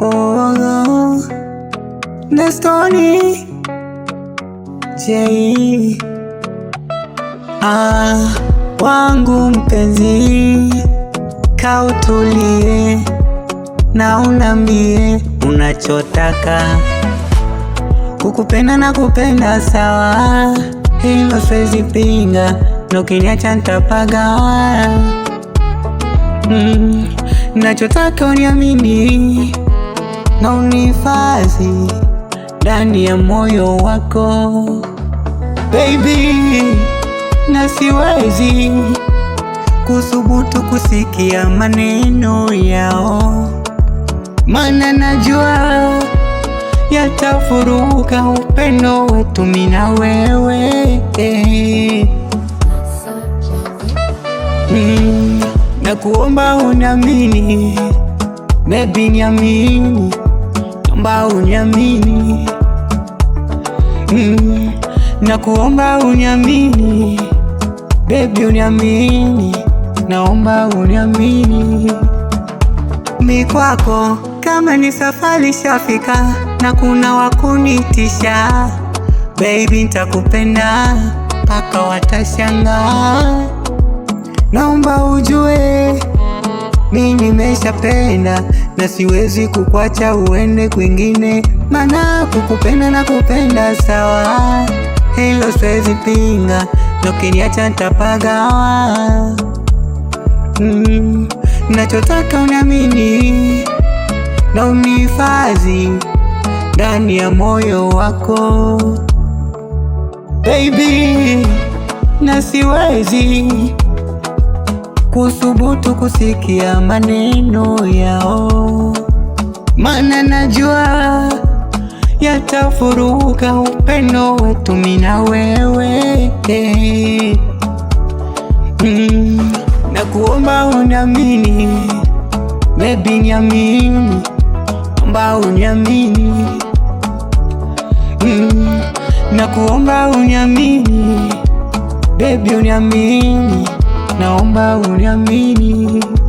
oh, Nestoni J ah, wangu mpenzi, kautulie na unambie unachotaka kukupenda na kupenda sawa, hilo siwezi pinga, na ukiniacha Mm, nachotaka uniamini na unifazi ndani ya moyo wako baby, na siwezi kusubutu kusikia maneno yao, mana najua yatafuruga upendo wetu mimi na wewe mm, na kuomba unamini baby, niamini nakuomba uniamini mm, nakuomba uniamini baby, uniamini, naomba uniamini, mi kwako kama ni safari shafika na kuna wakunitisha baby, ntakupenda mpaka watashangaa, naomba ujue mimi nimeshapenda na siwezi kukwacha uende kwingine, mana kukupenda na kupenda sawa, hilo siwezi pinga, na ukiniacha nitapagawa. Mm, nachotaka uniamini na unihifadhi ndani ya moyo wako baby, na siwezi kuthubutu kusikia maneno yao, mana najua yatafuruga upendo wetu mimi na wewe mm. Na kuomba uniamini, baby niamini, omba uniamini mm. Na kuomba uniamini, baby uniamini naomba uniamini